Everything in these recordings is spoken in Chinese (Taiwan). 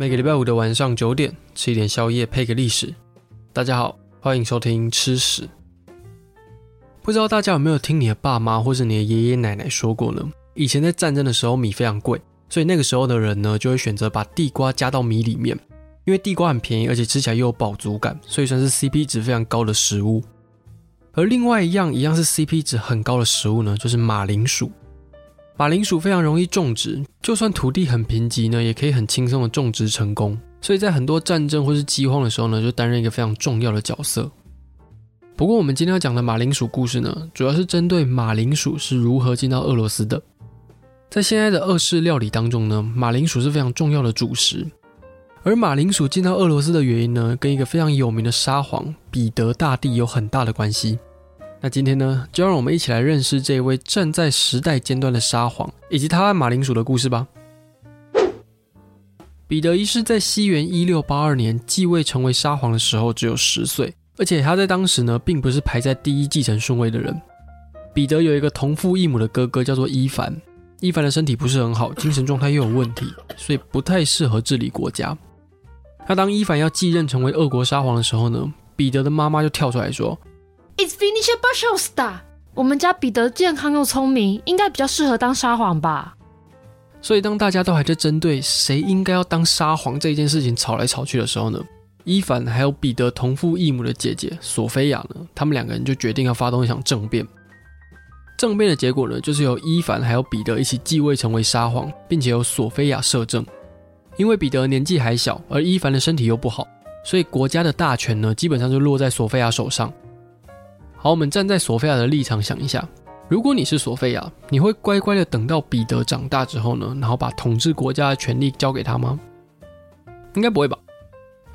每個禮拜五的晚上九點，吃一點宵夜配個歷史。大家好，歡迎收聽吃史。不知道大家有沒有聽你的爸媽或是你的爺爺奶奶說過呢？以前在戰爭的時候，米非常貴，所以那個時候的人呢，就會選擇把地瓜加到米裡面，因為地瓜很便宜，而且吃起來又有飽足感，所以算是 CP 值非常高的食物。而另外一樣一樣是 CP 值很高的食物呢，就是馬鈴薯。馬鈴薯非常容易種植，就算土地很貧瘠呢，也可以很輕鬆的種植成功。所以在很多戰爭或是饑荒的時候呢，就擔任一個非常重要的角色。不過，我們今天要講的馬鈴薯故事呢，主要是針對馬鈴薯是如何進到俄羅斯的。在現在的俄式料理當中呢，馬鈴薯是非常重要的主食。而馬鈴薯進到俄羅斯的原因呢，跟一個非常有名的沙皇彼得大帝有很大的關係。那今天呢，就讓我們一起來認識這位站在時代尖端的沙皇以及他和馬鈴薯的故事吧。彼得一世在西元一六八二年繼位成為沙皇的時候只有十歲，而且他在當時呢，並不是排在第一繼承順位的人。彼得有一個同父異母的哥哥，叫做伊凡。伊凡的身體不是很好，精神狀態又有問題，所以不太適合治理國家。那當伊凡要繼任成為俄國沙皇的時候呢，彼得的媽媽就跳出來說。It's finished by Show Star. 我們家彼得健康又聰明，應該比較適合當沙皇吧。所以，當大家都還在針對誰應該要當沙皇這件事情吵來吵去的時候呢，伊凡還有彼得同父異母的姐姐索菲亞呢，他們兩個人就決定要發動一場政變。政變的結果呢，就是由伊凡還有彼得一起繼位成為沙皇，並且由索菲亞攝政。因為彼得年紀還小，而伊凡的身體又不好，所以國家的大權呢，基本上就落在索菲亞手上。好，我們站在索菲亞的立場想一下，如果你是索菲亞，你會乖乖的等到彼得長大之後呢，然後把統治國家的權力交給他嗎？應該不會吧。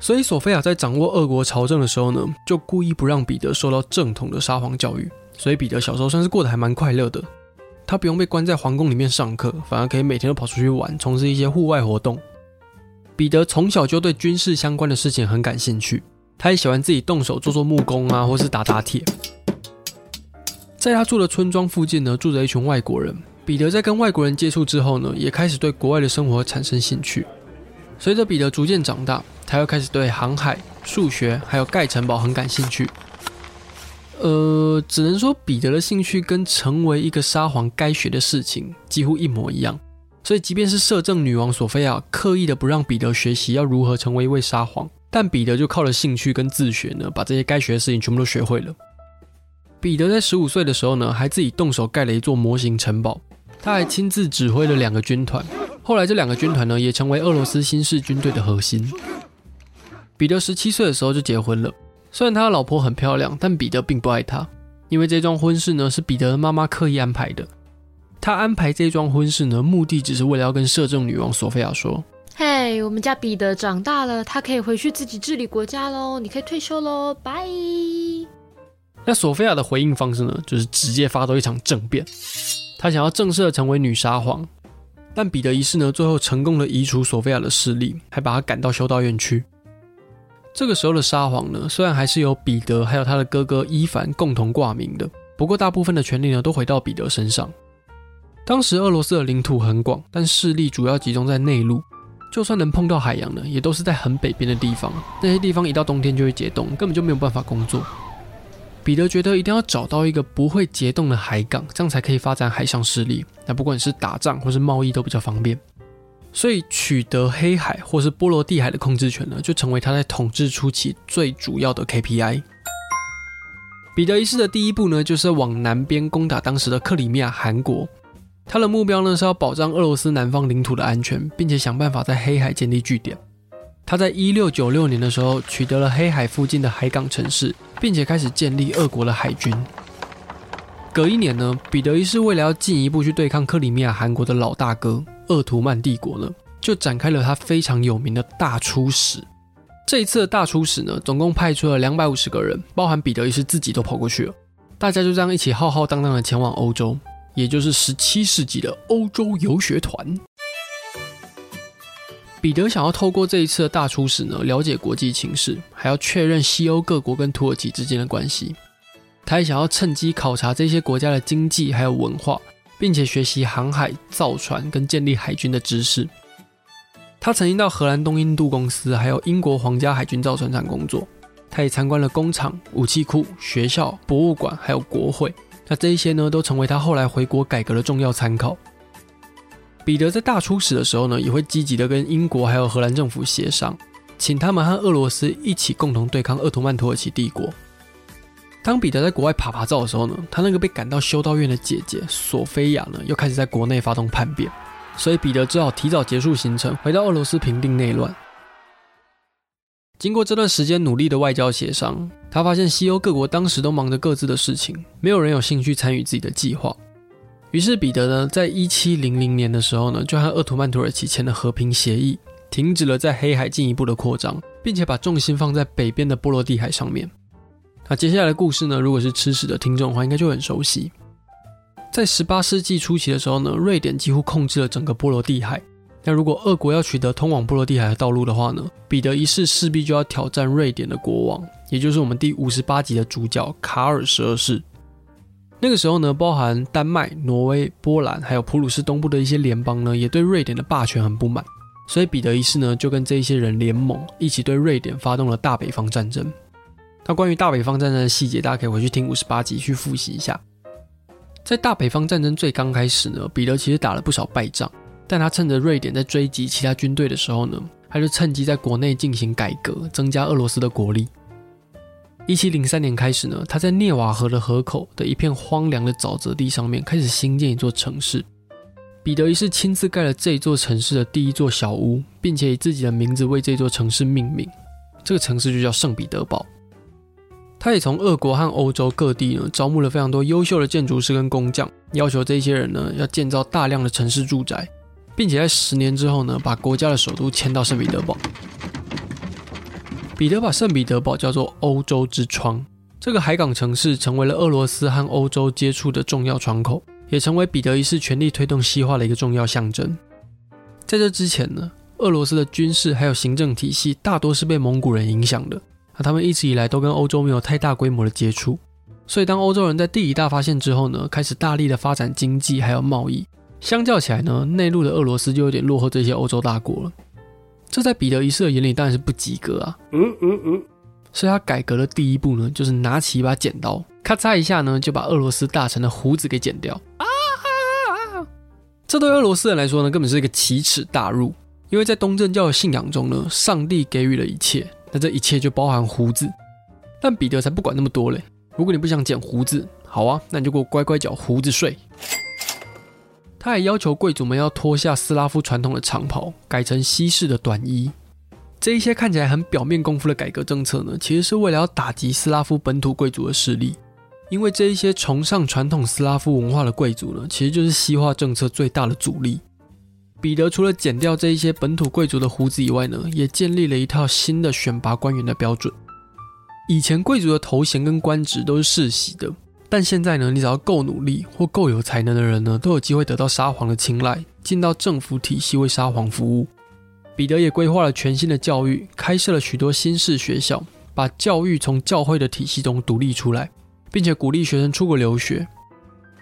所以索菲亞在掌握俄國朝政的時候呢，就故意不讓彼得受到正統的沙皇教育。所以彼得小時候算是過得還蠻快樂的，他不用被關在皇宮裡面上課，反而可以每天都跑出去玩，從事一些戶外活動。彼得從小就對軍事相關的事情很感興趣，他也喜歡自己動手做做木工啊，或是打打鐵。在他住的村莊附近呢，住着一群外國人。彼得在跟外國人接觸之後呢，也開始對國外的生活產生興趣。隨着彼得逐漸長大，他又開始對航海、數學還有蓋城堡很感興趣。呃，只能說彼得的興趣跟成為一個沙皇該學的事情幾乎一模一樣。所以，即便是攝政女王索菲亞刻意的不讓彼得學習要如何成為一位沙皇，但彼得就靠着興趣跟自學呢，把這些該學的事情全部都學會了。彼得在十五歲的時候呢，還自己動手蓋了一座模型城堡。他還親自指揮了兩個軍團，後來這兩個軍團呢，也成為俄羅斯新式軍隊的核心。彼得十七歲的時候就結婚了，雖然他的老婆很漂亮，但彼得並不愛他，因為這樁婚事呢，是彼得的媽媽刻意安排的。他安排這樁婚事呢，目的只是為了要跟攝政女王索菲亞說：“嘿，我們家彼得長大了，他可以回去自己治理國家嘍，你可以退休嘍，拜。”那索菲亞的回應方式呢，就是直接發動一場政變。她想要正式的成為女沙皇，但彼得一世呢，最後成功的移除索菲亞的勢力，還把她趕到修道院去。這個時候的沙皇呢，雖然還是由彼得還有他的哥哥伊凡共同掛名的，不過大部分的權力呢，都回到彼得身上。當時俄羅斯的領土很廣，但勢力主要集中在內陸，就算能碰到海洋呢，也都是在很北邊的地方。那些地方一到冬天就會結凍，根本就沒有辦法工作。彼得覺得一定要找到一個不會結凍的海港，這樣才可以發展海上勢力。那不管是打仗或是貿易都比較方便，所以取得黑海或是波羅的海的控制權呢，就成為他在統治初期最主要的 KPI。彼得一世的第一步呢，就是往南邊攻打當時的克里米亞汗國。他的目標呢，是要保障俄羅斯南方領土的安全，並且想辦法在黑海建立據點。他在一六九六年的時候取得了黑海附近的海港城市，並且開始建立俄國的海軍。隔一年呢，彼得一世為了要進一步去對抗克里米亞汗國的老大哥鄂圖曼帝國呢，就展開了他非常有名的大出使。這一次的大出使呢，總共派出了兩百五十個人，包含彼得一世自己都跑過去了。大家就這樣一起浩浩蕩蕩的前往歐洲，也就是十七世紀的歐洲遊學團。彼得想要透過這一次的大出使呢，了解國際情勢，還要確認西歐各國跟土耳其之間的關係。他也想要趁機考察這些國家的經濟還有文化，並且學習航海、造船跟建立海軍的知識。他曾經到荷蘭東印度公司，還有英國皇家海軍造船廠工作。他也參觀了工廠、武器庫、學校、博物館，還有國會。那這一些呢，都成為他後來回國改革的重要參考。彼得在大出使的時候呢，也會積極的跟英國還有荷蘭政府協商，請他們和俄羅斯一起共同對抗鄂圖曼土耳其帝國。當彼得在國外爬爬照的時候呢，他那個被趕到修道院的姐姐索菲亞呢，又開始在國內發動叛變，所以彼得只好提早結束行程，回到俄羅斯平定內亂。經過這段時間努力的外交協商，他發現西歐各國當時都忙着各自的事情，沒有人有興趣參與自己的計劃。於是，彼得呢，在一七零零年的時候呢，就和鄂圖曼土耳其簽了和平協議，停止了在黑海進一步的擴張，並且把重心放在北邊的波羅的海上面。那接下來的故事呢，如果是吃史的聽眾的話，應該就很熟悉。在十八世紀初期的時候呢，瑞典幾乎控制了整個波羅的海。那如果俄國要取得通往波羅的海的道路的話呢，彼得一世勢必就要挑戰瑞典的國王，也就是我們第五十八集的主角卡爾十二世。那個時候呢，包含丹麥、挪威、波蘭，還有普魯士東部的一些聯邦呢，也對瑞典的霸權很不滿，所以彼得一世呢就跟這一些人聯盟，一起對瑞典發動了大北方戰爭。那關於大北方戰爭的細節，大家可以回去聽五十八集去複習一下。在大北方戰爭最剛開始呢，彼得其實打了不少敗仗，但他趁着瑞典在追擊其他軍隊的時候呢，他就趁機在國內進行改革，增加俄羅斯的國力。一七零三年開始呢，他在涅瓦河的河口的一片荒涼的沼澤地上面開始興建一座城市。彼得一世親自蓋了這座城市的第一座小屋，並且以自己的名字為這座城市命名，這個城市就叫聖彼得堡。他也從俄國和歐洲各地呢招募了非常多優秀的建築師跟工匠，要求這些人呢要建造大量的城市住宅，並且在十年之後呢把國家的首都遷到聖彼得堡。彼得把聖彼得堡叫做“歐洲之窗”，這個海港城市成為了俄羅斯和歐洲接觸的重要窗口，也成為彼得一世全力推動西化的一個重要象徵。在這之前呢，俄羅斯的軍事還有行政體系大多是被蒙古人影響的，而他們一直以來都跟歐洲沒有太大規模的接觸。所以，當歐洲人在地理大發現之後呢，開始大力的發展經濟還有貿易，相較起來呢，內陸的俄羅斯就有點落後這些歐洲大國了。這在彼得一世的眼裡當然是不及格啊！嗯嗯嗯，所以他改革的第一步呢，就是拿起一把剪刀，咔嚓一下呢，就把俄羅斯大臣的鬍子給剪掉。這對俄羅斯人來說呢，根本是一個奇恥大辱，因為在東正教的信仰中呢，上帝給予了一切，那這一切就包含鬍子。但彼得才不管那麼多嘞！如果你不想剪鬍子，好啊，那你就給我乖乖繳鬍子稅。他也要求貴族們要脫下斯拉夫傳統的長袍，改成西式的短衣。這一些看起來很表面功夫的改革政策呢，其實是為了要打擊斯拉夫本土貴族的勢力。因為這一些崇尚傳統斯拉夫文化的貴族呢，其實就是西化政策最大的阻力。彼得除了剪掉這一些本土貴族的鬍子以外呢，也建立了一套新的選拔官員的標準。以前貴族的頭銜跟官職都是世襲的。但現在呢，你只要夠努力或夠有才能的人呢，都有機會得到沙皇的青睞，進到政府體系為沙皇服務。彼得也規劃了全新的教育，開設了許多新式學校，把教育從教會的體系中獨立出來，並且鼓勵學生出國留學。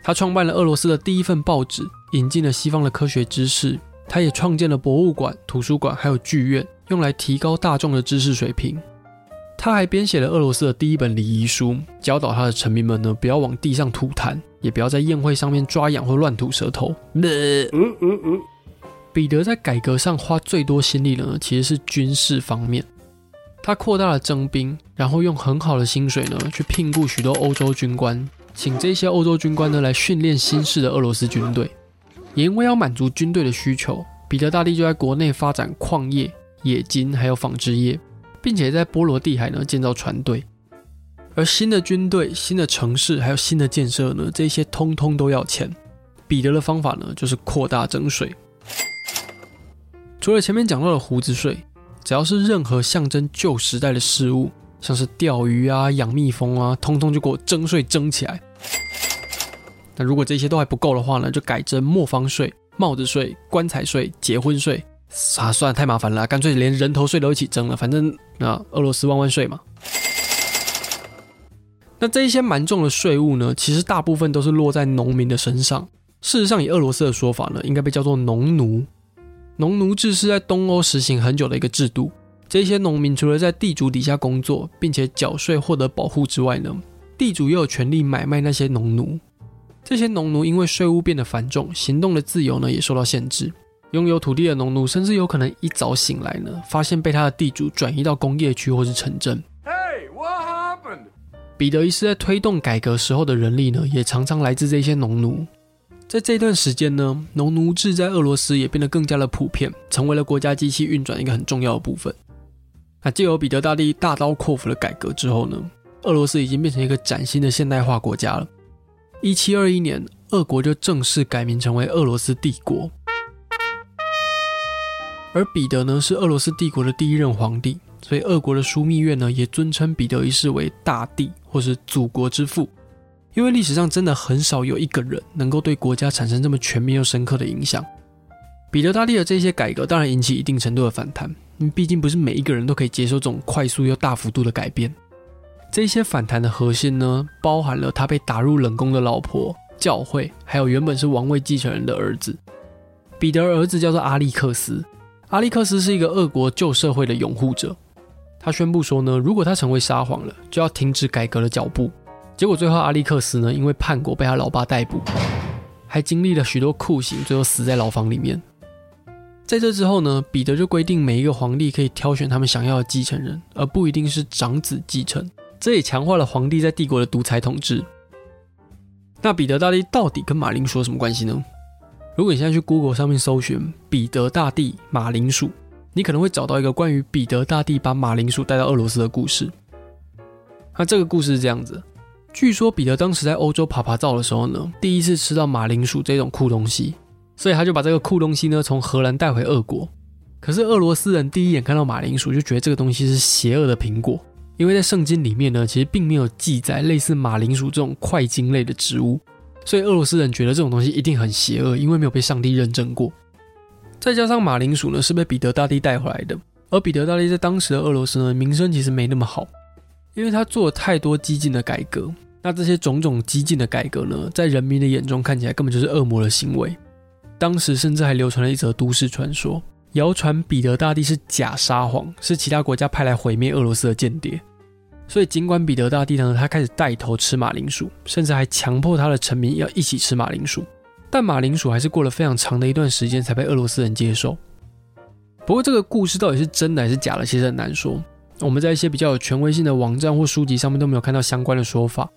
他創辦了俄羅斯的第一份報紙，引進了西方的科學知識。他也創建了博物館、圖書館還有劇院，用來提高大眾的知識水平。他還編寫了俄羅斯的第一本禮儀書，教導他的臣民們呢，不要往地上吐痰，也不要在宴會上面抓癢或亂吐舌頭。嗯嗯嗯。彼得在改革上花最多心力呢，其實是軍事方面。他擴大了徵兵，然後用很好的薪水呢去聘僱許多歐洲軍官，請這些歐洲軍官呢來訓練新式的俄羅斯軍隊。也因為要滿足軍隊的需求，彼得大帝就在國內發展礦業、冶金還有紡織業。並且在波羅的海呢建造船隊，而新的軍隊、新的城市還有新的建設呢，這些通通都要錢。彼得的方法呢就是擴大徵稅，除了前面講到的鬍子稅，只要是任何象徵舊時代的事物，像是釣魚啊、養蜜蜂啊，通通就給我徵稅徵起來。那如果這些都還不夠的話呢，就改徵磨坊稅、帽子稅、棺材稅、結婚稅。啥、啊、算了太麻煩了，乾脆連人頭稅都一起徵了，反正那、啊、俄羅斯萬萬稅嘛。那這一些蠻重的稅務呢，其實大部分都是落在農民的身上。事實上，以俄羅斯的說法呢，應該被叫做農奴。農奴制是在東歐實行很久的一個制度。這些農民除了在地主底下工作，並且繳稅獲得保護之外呢，地主又有權利買賣那些農奴。這些農奴因為稅務變得繁重，行動的自由呢也受到限制。擁有土地的農奴甚至有可能一早醒來呢，發現被他的地主轉移到工業區或是城鎮。Hey, what happened? 彼得一世在推動改革時候的人力呢，也常常來自這些農奴。在這段時間呢，農奴制在俄羅斯也變得更加的普遍，成為了國家機器運轉一個很重要的部分。那借由彼得大帝大刀闊斧的改革之後呢，俄羅斯已經變成一個嶄新的現代化國家了。一七二一年，俄國就正式改名成為俄羅斯帝國。而彼得呢，是俄羅斯帝國的第一任皇帝，所以俄國的樞密院呢，也尊稱彼得一世為大帝，或是祖國之父。因為歷史上真的很少有一個人能夠對國家產生這麼全面又深刻的影響。彼得大帝的這些改革當然引起一定程度的反彈，畢竟不是每一個人都可以接受這種快速又大幅度的改變。這些反彈的核心呢，包含了他被打入冷宮的老婆、教會，還有原本是王位繼承人的兒子。彼得的兒子叫做阿利克斯。阿利克斯是一個俄國舊社會的擁護者，他宣布說呢，如果他成為沙皇了，就要停止改革的腳步。結果最後，阿利克斯呢，因為叛國被他老爸逮捕，還經歷了許多酷刑，最後死在牢房裡面。在這之後呢，彼得就規定每一個皇帝可以挑選他們想要的繼承人，而不一定是長子繼承。這也強化了皇帝在帝國的獨裁統治。那彼得大帝到底跟馬鈴薯有什麼關係呢？如果你現在去 Google 上面搜尋彼得大帝馬鈴薯，你可能會找到一個關於彼得大帝把馬鈴薯帶到俄羅斯的故事。那、啊、這個故事是這樣子：據說彼得當時在歐洲趴趴走的時候呢，第一次吃到馬鈴薯這種酷東西，所以他就把這個酷東西呢從荷蘭帶回俄國。可是俄羅斯人第一眼看到馬鈴薯就覺得這個東西是邪惡的蘋果，因為在聖經裡面呢，其實並沒有記載類似馬鈴薯這種塊莖類的植物。所以俄羅斯人覺得這種東西一定很邪惡，因為沒有被上帝認證過。再加上馬鈴薯呢是被彼得大帝帶回來的，而彼得大帝在當時的俄羅斯呢名聲其實沒那麼好，因為他做了太多激進的改革。那這些種種激進的改革呢，在人民的眼中看起來根本就是惡魔的行為。當時甚至還流傳了一則都市傳說，謠傳彼得大帝是假沙皇，是其他國家派來毀滅俄羅斯的間諜。所以，儘管彼得大帝呢，他開始帶頭吃馬鈴薯，甚至還強迫他的臣民要一起吃馬鈴薯，但馬鈴薯還是過了非常長的一段時間才被俄羅斯人接受。不過，這個故事到底是真的還是假的，其實很難說。我們在一些比較有權威性的網站或書籍上面都沒有看到相關的說法，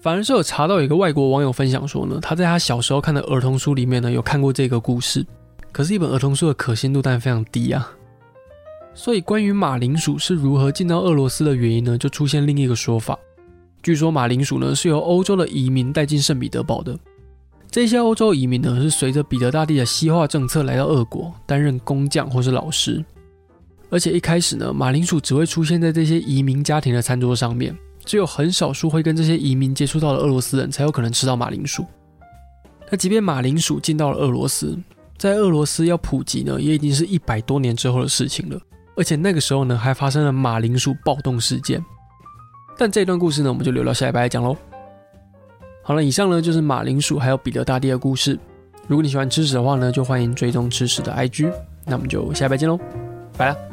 反而是有查到一個外國網友分享說呢，他在他小時候看的兒童書裡面呢有看過這個故事，可是，一本兒童書的可信度當然非常低啊。所以，關於馬鈴薯是如何進到俄羅斯的原因呢，就出現另一個說法。據說馬鈴薯呢是由歐洲的移民帶進聖彼得堡的。這些歐洲移民呢是隨着彼得大帝的西化政策來到俄國，擔任工匠或是老師。而且一開始呢，馬鈴薯只會出現在這些移民家庭的餐桌上面，只有很少數會跟這些移民接觸到的俄羅斯人才有可能吃到馬鈴薯。那即便馬鈴薯進到了俄羅斯，在俄羅斯要普及呢，也已經是一百多年之後的事情了。而且那個時候呢，還發生了馬鈴薯暴動事件。但這一段故事呢，我們就留到下禮拜講嘍。好了，以上呢就是馬鈴薯還有彼得大帝的故事。如果你喜歡吃史的話呢，就歡迎追蹤吃史的 IG。那我們就下禮拜見嘍，拜了。